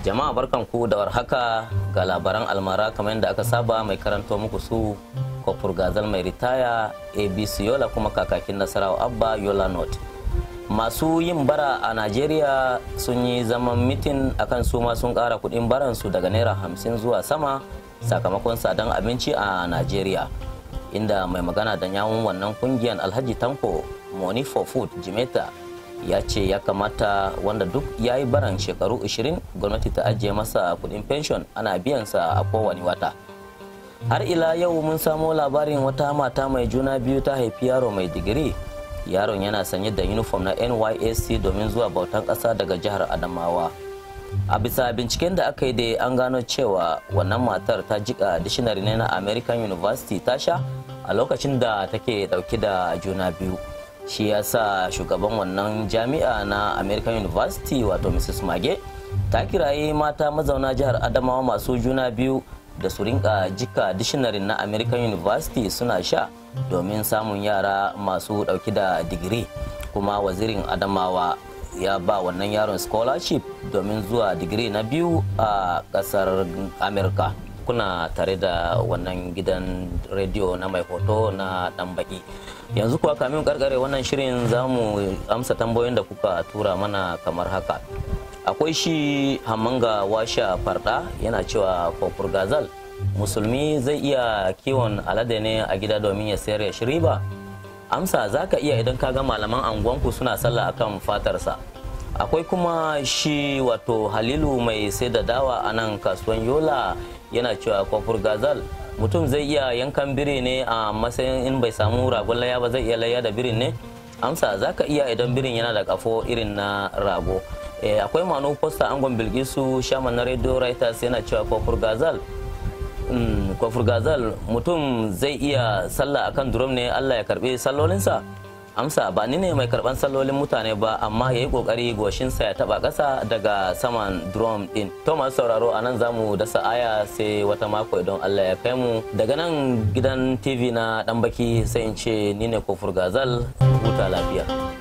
Jama'a barkanku da warhaka ga labaran almara kamar yadda aka saba mai karanto muku su kofur gazal mai ritaya ABC Yola kuma kakakin Nasarawa Abba Yola not Masu yin bara a Najeriya sun yi zaman mitin akan su ma sun kara kudin baransu daga Naira hamsin zuwa sama sakamakon sadan abinci a Najeriya. Inda mai magana da yawun wannan kungiyar Alhaji Tanko Money for Food Jimeta ya ce ya kamata wanda duk ya yi baran shekaru 20 gwamnati ta ajiye masa kudin pension ana biyansa a kowane wata har ila yau mun samo labarin wata mata mai juna biyu ta haifi yaro mai digiri yaron yana sanye da uniform na nysc domin zuwa bautan ƙasa daga jihar adamawa a bisa binciken da aka yi da an gano cewa wannan matar ta jika dishinari ne na american university tasha a lokacin da take dauke da juna biyu shi ya sa shugaban wannan jami'a na american university wato mrs mage ta kiraye mata mazauna jihar adamawa masu juna biyu da su rinka jika dishinarin na american university suna sha domin samun yara masu dauki da digiri kuma wazirin adamawa ya ba wannan yaron scholarship domin zuwa digiri na biyu a kasar amerika kuna tare da wannan gidan rediyo na mai hoto na dan baki yanzu kuwa kamin karkare wannan shirin za mu amsa tambayoyin da kuka tura mana kamar haka akwai shi hamanga washa farda yana cewa kofur gazal musulmi zai iya kiwon alade ne a gida domin ya sayar ya shiri ba amsa za ka iya idan ka ga malaman anguwanku suna sallah akan fatarsa akwai kuma shi wato halilu mai sai da dawa a nan kasuwan yola yana cewa kwafur gazal mutum zai iya yankan biri ne a matsayin in bai samu ragon laya ba zai iya laya da birin ne amsa za ka iya idan birin yana da kafo irin na rago eh, akwai manu posta angon bilgisu shaman na radio writers yana cewa kwafur gazal mm, kwafur gazal mutum zai iya sallah akan drum ne allah ya karbe sallolinsa amsa ba ni ne mai karban sallolin mutane ba amma ya yi kokari goshinsa ya taba kasa daga saman drum din thomas sauraro a nan zamu dasa aya sai wata mako idan allah ya kai mu daga nan gidan tv na dan baki sai in ce ni ne kofur gazal huta lafiya